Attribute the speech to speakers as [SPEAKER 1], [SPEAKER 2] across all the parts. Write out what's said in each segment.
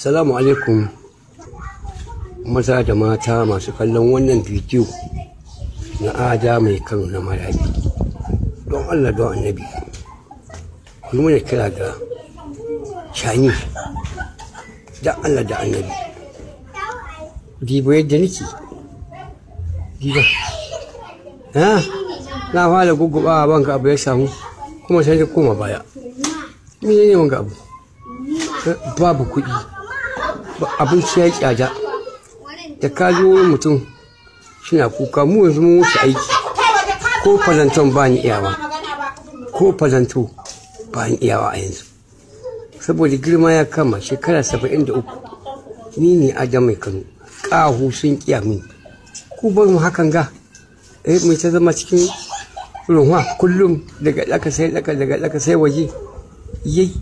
[SPEAKER 1] Salamu alaikum maza da mata masu kallon wannan bidiyo na ada mai kano na marabi don Allah don annabi Kuma ne kira da shani da Allah da annabi dibo yadda nake diba ha na fara gugubawa banka abu ya samu kuma sai da koma baya ne wanga abu babu kuɗi abinci ya kyada da ka zo wani mutum shina kuka mu yanzu mun wuce aiki ko falanton ba ni iyawa ko falanto ba ni iyawa a yanzu saboda girma ya kama shekara saba'in da uku ni ne adam mai kano ƙahu sun ƙiya mini ku ba mu hakan ga eh mai ta zama cikin ruwa kullum daga ɗaka sai daga ɗaka. sai waje yi.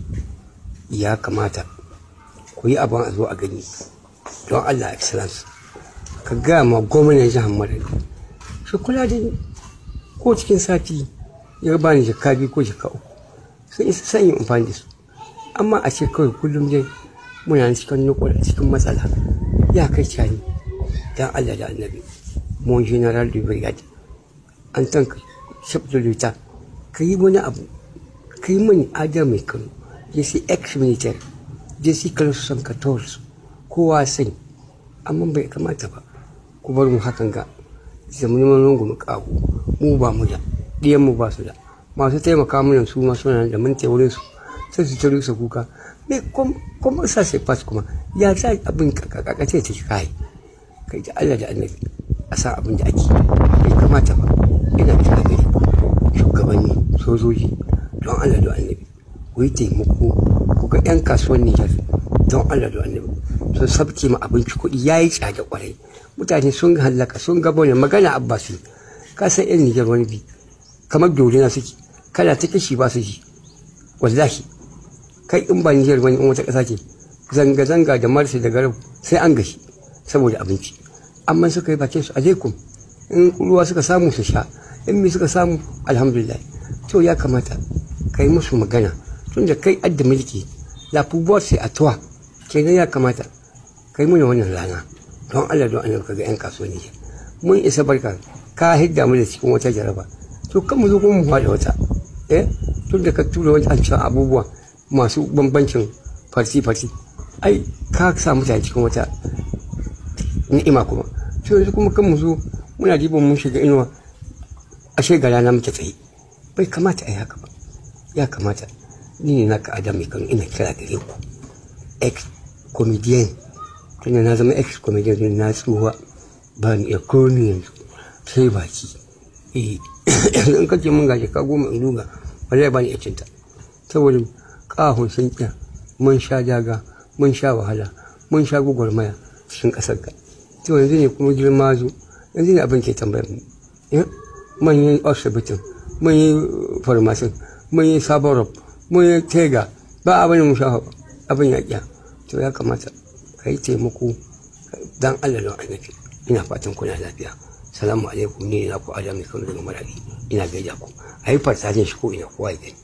[SPEAKER 1] ya kamata ku yi abin a zo a gani don allah excellence ka gaya ma gwamnan jihar madadi shi kula da ko cikin sati ya ba ni jaka biyu ko jaka uku sun isa sanyin amfani da su amma a ce kawai kullum dai muna cikin nukula cikin matsala ya kai cani don allah da annabi mon general de brigade an da shabduluta ka yi wani abu ka yi mani adar mai kano ya sai ex militaire jesikan san kators kowa san amma bai kamata ba ku bar mu hakan ga zamanin manongo mu kago mu ba mu da ɗiyan mu ba su da masu taimaka mana su ma suna da mun wurin su sai su tare su kuka me kuma sa sai fas kuma ya sa abin kakakace ta shi kai kai da Allah da annabi a sa abin da ake bai kamata ba ina kira gari shugabanni sojoji don Allah da annabi ku yi taimako kuka 'yan kasuwan Nijar don Allah da annabi sun sabke ma abinci kuɗi ya yi tsada kwarai mutane sun hallaka sun ga ne magana abbasu ka san 'yan Nijar wani bi kamar dorina suke kana ta kishi ba su ji wallahi kai in ba Nijar wani in wata ƙasa ce zanga-zanga da marsa da garau sai an gashi saboda abinci amma suka yi bakin su alaikum in ruwa suka samu su sha in mi suka samu alhamdulillah to ya kamata kai musu magana tun da kai adda mulki la pouvoir c'est à toi kenan ya kamata kai muna wannan rana don Allah don Allah ka ga yan kasuwanni mun isa barka ka hidda mu da cikin wata jaraba to kan mu zo kuma mu faɗi wata eh tun da ka tura an wancan abubuwa masu bambancin farsi-farsi ai ka sa mutane cikin wata ni'ima kuma to yanzu kuma kan mu zo muna dibin mun shiga inuwa ashe gara na muke tsaye bai kamata a haka ba ya kamata ni ne naka adam kan ina kira gare ku ex comedian tunda na zama ex comedian na tsuwa ba ni ekonomi yanzu sai baki eh in ka ce mun gashi ka goma in duga wallahi ba ni cinta saboda kahun sun kya mun sha jaga mun sha wahala mun sha gwagwarmaya cikin kasar ka to yanzu ne kuma girma zo yanzu ne abin ke tambayar mu eh, manyan asibitin yi farmasin manyan sabon rabu mun ya tega ba abin mu sha abin ya kiya to ya kamata ka yi taimako dan Allah don annabi ina fatan kuna lafiya salamu alaikum ni na ku adam ne daga marari ina gaida ku a yi farsajin shi ko ina kowa ya gani